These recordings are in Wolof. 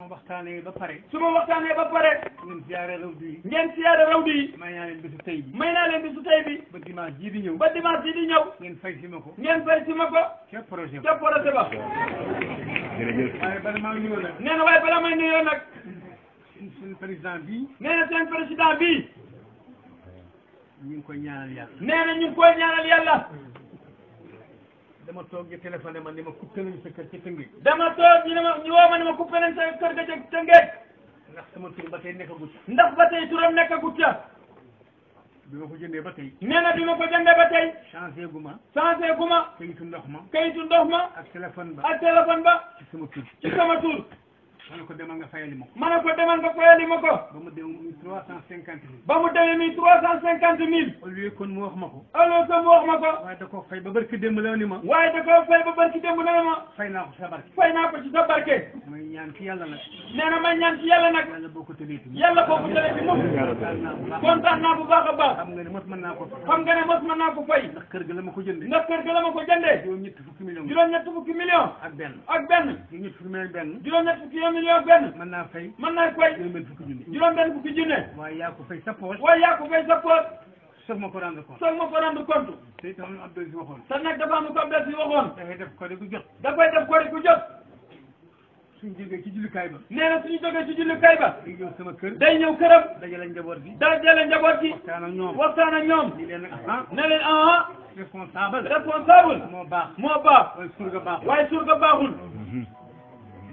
ma waxtaanee ba pare su ma waxtaanee ba pare ngeen siyaare rawdu yi ngeen siyaare rawdu yi may naa leen bisu tey bi may naa leen bisu tey bi ba dimanche ji di ñëw ba dimanche ji di ñëw ngeen fay si ma ko ngeen fay si ma ko ca projet ca projet ba jërëjëf waaye bala maa nuyoo nag nee na waaye bala may nuyoo nag seen président bi nee na seen président bi ñu ngi koy ñaanal yàlla nee na ñu ngi koy ñaanal yàlla dama toog ñu téléphoné ma ni ma coupé nañ sa kër ca Tëngéej. dama toog ñu ne ma ñu woo ma ne ma coupé nañ sa kër ga ca Tëngéej. ndax sama tur ba tey nekkagut. ndax ba tey turam nekkagut ca. bi ma ko jëndee ba tey. nee na bi ma ko jëndee ba tey. changé gu ma. changé gu ma. kayitu ndox ma. kayitu ndox ma. ak téléphone ba. ak téléphone ba. ci sama tur. ci sama tur. ma ne ko demal nga fayali ma ko. ma ne ko demal nga fayali ma ko. ba mu demee muy trois cent cinquante mille. ba mu demee muy trois cent cinquante mille. au lieu kon mu wax ma ko. au kon mu wax ma ko. waaye da koo fay ba barki démb la ni ma. waaye da koo fay ba barki démb la ni ma. fay naa ko ci sa barke. fay naa ko ci sa barke. may ñaan ci yàlla nag. na boo ko tëlee tamit. yàlla boo ko tëlee tamit. kontaan naa bu baax a baax. xam mos mën naa ko fay. xam nga mos mën naa ko fay. ndax kër ga la ma ko jëndee. ndax kër ga la ma ko jëndee. juróom-ñett fukki million. juróom-ñett fukki million benn mën naa fay mën naa fay juróom-benn fukki junne juróom-benn fukki junne waaye yaa ko fay sa poche waaye yaa ko fay sa poche soog ma ko rendre compte soog ma ko rendre compte te itam am abdol si waxoon te nag dafa am ko abdol si waxoon dafay def ko ku jot dafay def ko ku jot suñ jógee ci jullikaay ba nee na suñu jógee ci jullikaay ba day ñëw sama kër day ñëw këram dajale njaboot bi dajale njaboot bi waxtaan ak ñoom waxtaan ak ñoom ah. ne leen ah responsable responsable moo baax moo baax waaye surga baaxul waaye surga baaxul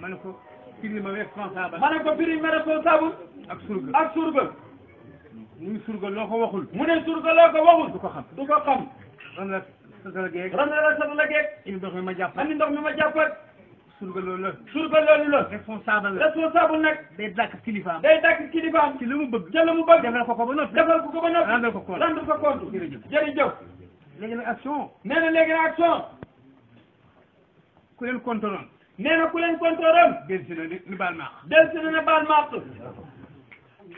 ma ne ko prime responsable. ma ne ko prime responsable. ak surga ak surga. muy surga loo ko waxul. mu ne surga loo ko waxul. du ko xam du ko xam. ron la sotala geeg. ron la sotala geeg. indi ndox mi ma jàppal andi ndox mi ma jàppal. surga loolu la. surga loolu la. responsable la responsable nag. day dàkk kilifaam. day dàkk kilifaam. ci li mu bëgg. ca la mu bëgg. defal ko ko ba noppi. defal ko ko ba noppi. rendre ko compte rendre ko compte. jërëjëf jërëjëf. léegi nag action. nee na léegi nag action. ku leen contrôle. nee na ku leen kontooram. del si na ni baal ma na ne baal ma àq.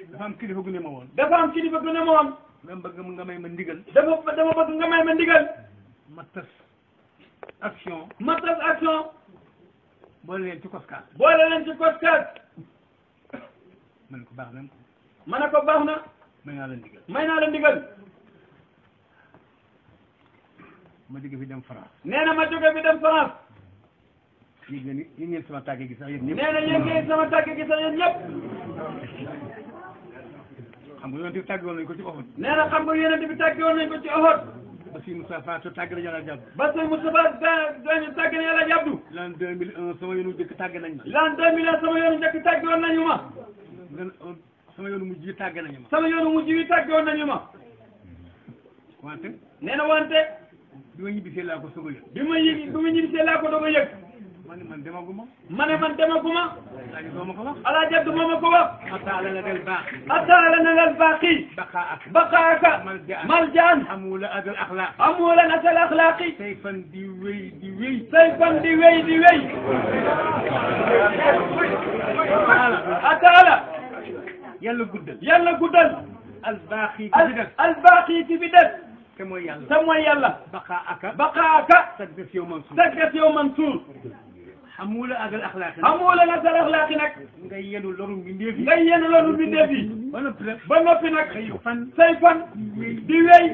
dafa am kilifa gu ne ma woon. dafa am nga may ma ndigal. dama dama nga may ma ndigal. ma tas action. ma tas boole leen ci COSCAS. boole leen ci COSCAS. ma ne ko baax na. ma ne ko baax na. may naa la ndigal. may naa la France. nee ma jóge fi France. yéen ñëpp sama tàgge gi sax yéen ñëpp. nee na yéen ñëpp sama tàgge gi sax yéen ñëpp. xam nga yonent bi tàgge woon nañu ko ci Uhud. nee na xam nga yonent bi tàgge woon ko ci Uhud. Bassirou Moustapha to tàgg nañu yàlla jàpp. Bassirou Moustapha dañu tàgg nañu yàlla jàpp. l'an 2001 mille un sama yoonu njëkk tàgg nañ ma. l'an 2001 mille un sama yoonu njëkk tàgg woon nañu ma. sama yoonu mujj yi tàgg nañu ma. sama yoonu mujj yi tàgg woon nañu ma. wante. nee wante. bi ma ñibbisee laa ko soog a yëg. bi ma yëg bi ko doog a من من دمغوما على جد ماما حتى على لنا الباقي بقاءك ملجان حمولة أد الأخلاق حمولة الأخلاق سيفا دي وي دي وي سيفا دي وي دي حتى على يلا قدل يلا قدل الباقي الباقي تبدل سمو يلا سمو يلا بقاءك بقاءك سجدت يوم منصور يوم منصور xamula ak al axlaaqi xamula ak al axlaaqi nag nga yenu loru mbindeef yi nga yenu loru mbindeef yi ba noppi nag ba noppi nag say fan say di wéy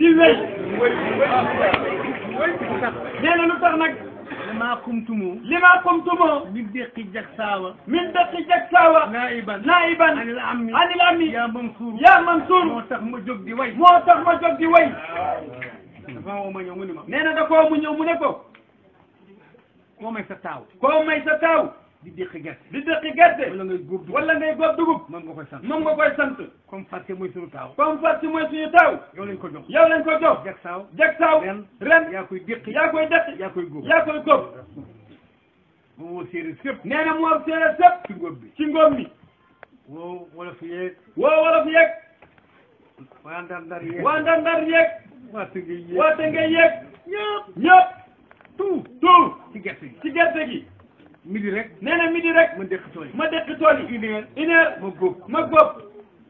di wéy nee na lu tax nag lima kumtumo lima min deqi jag sawa min deqi jag sawa naiban naiban anil ammi anil ammi ya mansour ya mansour moo tax ma jóg di way moo tax ma jóg di way dafa woo mu ne ma mu ñëw mu ne ko koo sa taaw koo may sa taaw di déqi gerte di déqi gerte wala ngay góob dugub wala ngay nga koy sant moom nga koy sant comme fàtte mooy suñu taaw comme fàtte mooy suñu taaw yow lañ ko jox yow lañ ko jox jag saaw jag saaw ren ren yaa koy déqi yaa koy déqi yaa koy góob yaa koy góob moom woo séeréer sëpp nee na moo séeréer sëpp bi ci ngóob mi woo wolof yeeg woo wolof yeeg waa ndar ndar yeeg waa ndar ndar yeeg waa tëngay yeeg waa tëngay yeeg ñëpp suuf dóor ci gerte gi ci gerte gi midi rek nee na midi rek ma dëkk tool yi ma dëkk tool yi une heure une heure ma góob ma góob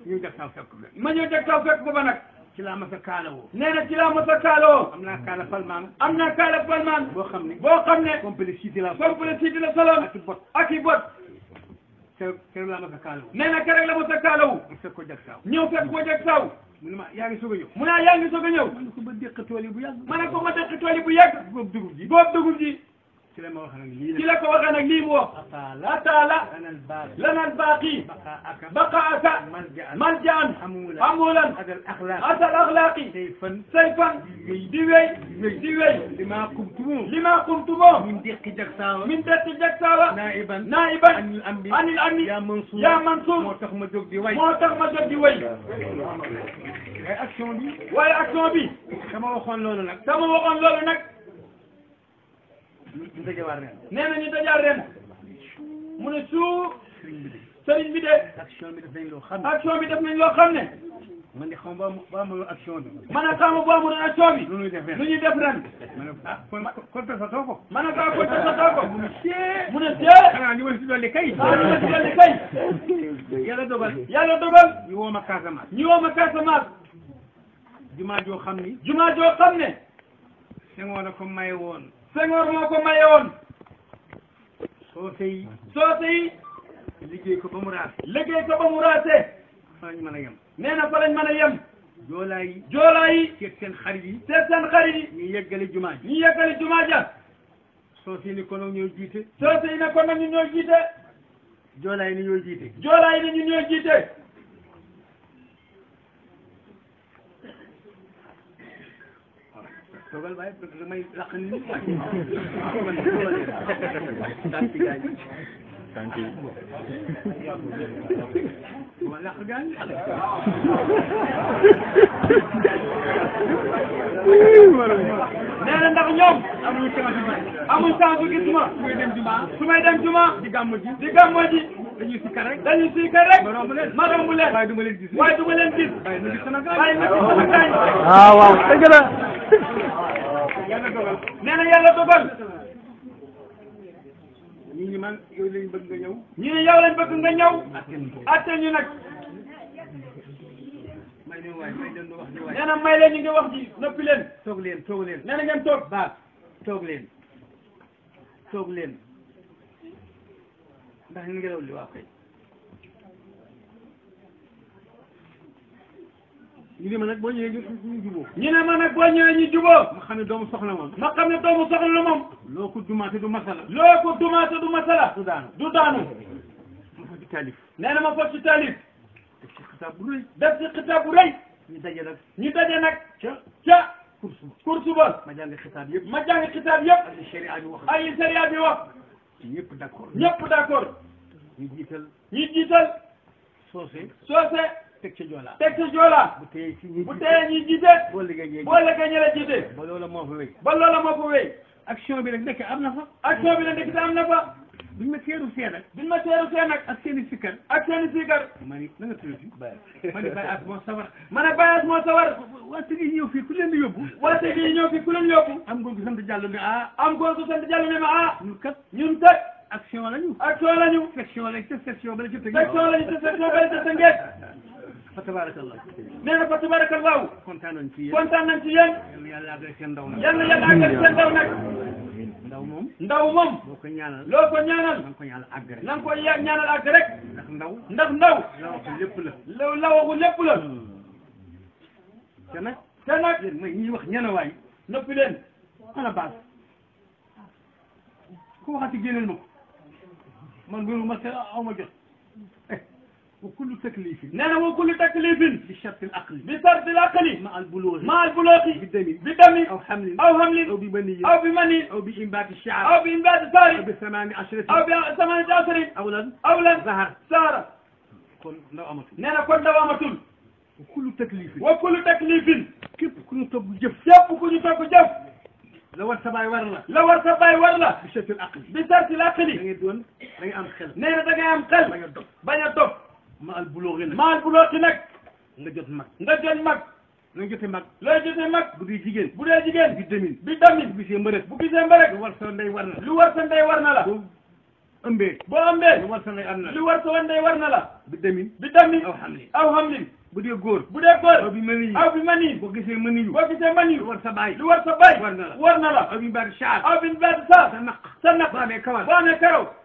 ñu def taw fekk ba ma ñëw def taw fekk ba nag ci laa ma sa kaalawoo nee na ci laa ma sa kaalawoo am naa kaala palmaan am naa kaala palmaan boo xam ne boo xam ne complet siidi la complet siidi la soloon ak i bot ak i bot keroog keroog laa ma sa kaalawoo nee na keroog la ma sa kaalawu fekk ko jag saaw ñëw fekk ko jag saaw mu ne ma yaa ngi soog a ñëw mu ne ah, yaa ngi soog a ñëw ma ne ko ba dëkk tool yi bu yàgg ma ne ko ma dëkk tool yi bu yàgg boobu dugub ji boobu dugub ji ki la ko waxee nag lii mu wax ataala lana albaaqi baqaaka maljaan amulan asal axlaaqi sayfan di wey di wey lima qumtumo lima qumtumo min deqi jagsaawa min deqi jagsaawa naiban naiban anil amni ya mansour ya mansour moo tax ma jóg di way moo tax ma jóg di way waaye action bi waaye action bi dama waxoon loolu nag dama waxoon loolu nag ñu dajawaat ren. nee na ñu dajaat ren mu ne suuf sëriñ bi de. action bi def nañ loo xam ne action bi def nañ loo xam ne. man de xam ba amuloon action bi. man de xam ba amuloon action bi. lu ñuy def ren lu ñuy def ren. ma ne ah kon kon pesatoo ko. ma ne ko kon pesatoo ko. mu ne see. mu ne see. ah ñu ma si dolli kay. ah ñu ma si dolli kay. yàlla dogal. yàlla dogal. ñu woo ma Casamance. ñu woo ma Casamance. jumaa joo xam ni. jumaa joo xam ne. Senghor a ko maye woon. Senghor moo ko maye woon. soose yi. soose yi. liggéey ko ba mu raase. liggéey ko ba mu raase. fa lañ mën a yem. nee na fa lañ mën a yem. joolaa yi. joolaa yi. seet seen xarit yi. seet seen xarit yi. ñu yeggali jumaa ji. ñu yeggali jumaa ja. soose yi ni kon nag ñoo jiite. soose yi ne kon nag ñu ñoo jiite. joolaa yi ni ñoo jiite. joolaa yi ni ñu ñoo jiite. toogal waaye parce que damay laq nit ñi waaye man tànk gaañ tànk yi ma laq gaañ nee na ndax ñoom amuñu sama juma amuñu sama bu gis ma su may dem juma su may dem juma di gàmmu ji di gàmmu ji dañuy sikkar rek dañuy sikkar rek ma romb leen ma romb leen waaye du ma leen gis waaye du ma leen gis waaye nu gis sama gaañ waaye nu gis sama gaañ waaw ah, waaw dëgg la yàlla dogal nee na yàlla dogal. ñu ne man yow lañ bëgg nga ñëw. ñu ne yow lañ bëgg nga ñëw. atte ñu nag. may la waay may leen wax ji waay. nee na may leen ñu ngi wax ji noppi leen. toog leen toog leen. nee na ngeen toog. baax toog leen. ñu ne ma nag boo ñëwee ñu jubóo. ñu ne ma nag boo ñëwee ñu jubóo. ma xam ne doomu soxla moom. ma xam ne doomu soxla la moom. loo ko dumaate du masala. loo ko dumaate du masala. du daanu du daanu. ma fa ci taalif. nee na ma fa ci taalif. def ci xitaab bu rëy. def ci xitaab bu rëy. ñu daje nag. ñu daje nag. ca ca. kursu ba kursu ba. ma jàng xitaab yëpp. ma jàng xitaab yëpp. ay sharia bi wax. ay sharia bi wax. ñëpp d' accord. ñëpp d' accord. ñu jiital. ñu jiital. soose. soose. teg ci joola teg ci joola bu teye ci ñi bu teye ñi jiite boo liggéey boo liggéey ñi la jiite ba loola moo fa wéy ba loola moo fa wéy action bi nag nekk am na fa action bi nag nekk am na fa duñ ma teeru see nag duñ ma teeru see nag ak seen i sikkar ak seen i sikkar ma ni na nga tuddati Baye ma ni Baye As moo sawar ma ne Baye As moo sawar wante gi ñëw fii ku leen di yóbbu wante gi ñëw fii ku leen yóbbu am góor gu sant Diallo ne ah am góor gu sant Diallo ne ma ah ñun kat ñun kat action lañu action lañu section lañu te section bala ca section lañu te section bala ca sa ngeet fa tabarakallah nee na fa tabarakallah kontaan nañ ci yéen kontaan nañ ci yéen yàlla àggal seen ndaw nag yàlla yàlla àggal seen ndaw ndaw moom ndaw moom loo ko ñaanal loo ko na nga ko ñaanal àgg rek na nga ko ñaanal àgg rek ndax ndaw ndaw la waxu lépp la la la waxu lépp la hmm. wax ñene waay noppi leen ana baas ku waxati génneel ma man loolu ma aw ma jot eh. وكل تكليف نعم وكل تكليف بشرط العقل بشرط العقل مع البلوغ مع البلوغ بدم بدم او حمل او حمل او بمني او بمني او بانبات الشعر او بانبات الشعر او بثمان عشرة او بثمان عشرة اولا اولا زهر زهر كن دوامة نعم كن دوامة وكل تكليف وكل تكليف كيف كل طب جف كيف كل طب جف لو war ورلا لو war ورلا la war sa baay war la bi sarti al aqli bi sarti al aqli da ngay maal buloo gi nag maal buloo gi nag nga jot mag nga jot mag looy jotee mag looy jotee mag bu dee jigéen bu dee jigéen bi demin bi demin bu gisee mbërëg bu gisee mbërëg lu war sa ndey war na lu war sa ndey war na la ëmbee boo ëmbee lu war sa ndey am na lu war sa ndey war na la bi demin bi demin aw xamlin aw xamlin bu dee góor bu dee góor aw bi mani aw bi mani boo gisee mani yu boo gisee mani yu lu war sa baay lu war sa baay war na la war na la aw bi mbaari saar aw bi mbaari saar sa naq sa naq boo amee kawal boo amee karaw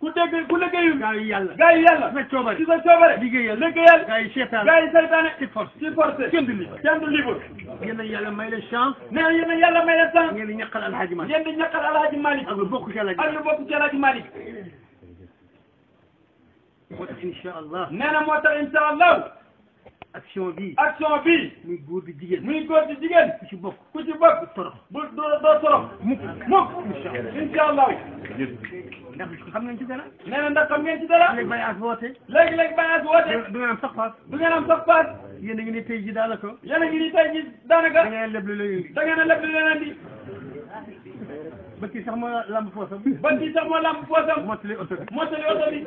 ku dégg ku liggéeyul gaa yi yàlla gaa yi yàlla sa coobare ci sa coobare liggéeyal liggéeyal gaa yi seytaane gaa yi seytaane ci force ci force kenn du libre kenn du libre yéen a yàlla may leen chance nee na yéen a yàlla may leen chance ngeen di ñaqal alhaji Malick ngeen di ñaqal alhaji Malick ak lu bokk ci alhaji ak lu bokk ci alhaji Malick moo tax incha allah nee na moo tax incha allah action bi action bi muy góor di jigéen muy góor di jigéen ku ci bokk ku ci bokk bu torox bu doo torox mukk mukk incha allah ndax xam ngeen ci dara nee na ndax xam ngeen ci dara léegi bay as woote léegi léegi bay as woote du ngeen am sax paas du ngeen am sax paas yéen a ngi ni tey ji daanaka yéen a ngi ni tey ji daanaka da ngeen leblu leneen di da ngeen a leblu leneen di bët yi sax moo lamb poosam bët yi sax moo lamb poosam mottali oto bi mottali oto bi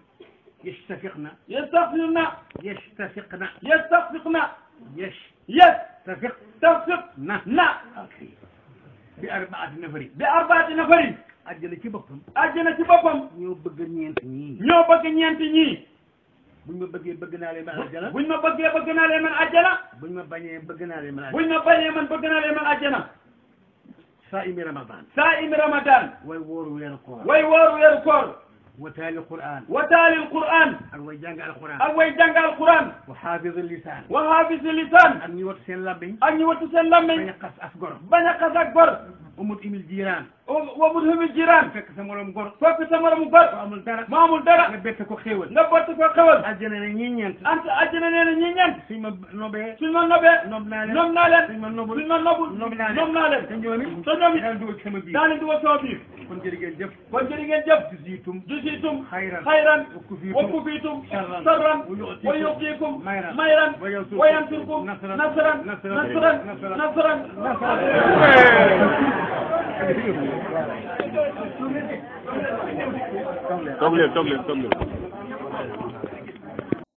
يشتفقنا يتفقنا يشتفقنا يتفقنا يش يتفق تفقنا نا أوكي بأربعة نفر بأربعة نفر àjjana ci boppam àjjana ci boppam ñoo bëgg ñeent ñii ñoo bëgg ñeent ñii buñ ma bëggee bëgg naa leen man àjjana buñ ma bëggee bëgg naa leen man àjjana buñ ma bañee bëgg naa leen man àjjana buñ ma bañee man bëgg naa leen man àjjana saa imi ramadan saa imi ramadan way wooru weeru koor way wooru weeru koor وتالي القرآن وتالي القرآن الويجانج القرآن الويجانج القرآن وحافظ اللسان وحافظ اللسان أني يوتسن لبي أن يوتسن لبي بنقص أفقر بنقص أكبر ومد إم الجيران ومد إم الجيران فك سمر قر فك سمر قر ما أمل دارا ما أمل دارا نبتك خيول نبتك خيول أجنا نينيان أنت أجنا نينيان سيما نبي سيما نبي نبنالن نبنالن سيما نبل سيما نبل نبنالن نبنالن تنجوني تنجوني دان دوك سمبي دان دوك سمبي فانجرجل جب فانجرجل جب جزيتم جزيتم خيرا خيرا وكفيتم شرا ويعطيكم خيرا وينصركم نصرا نصرا نصرا نصرا نصرا تملم تملم تملم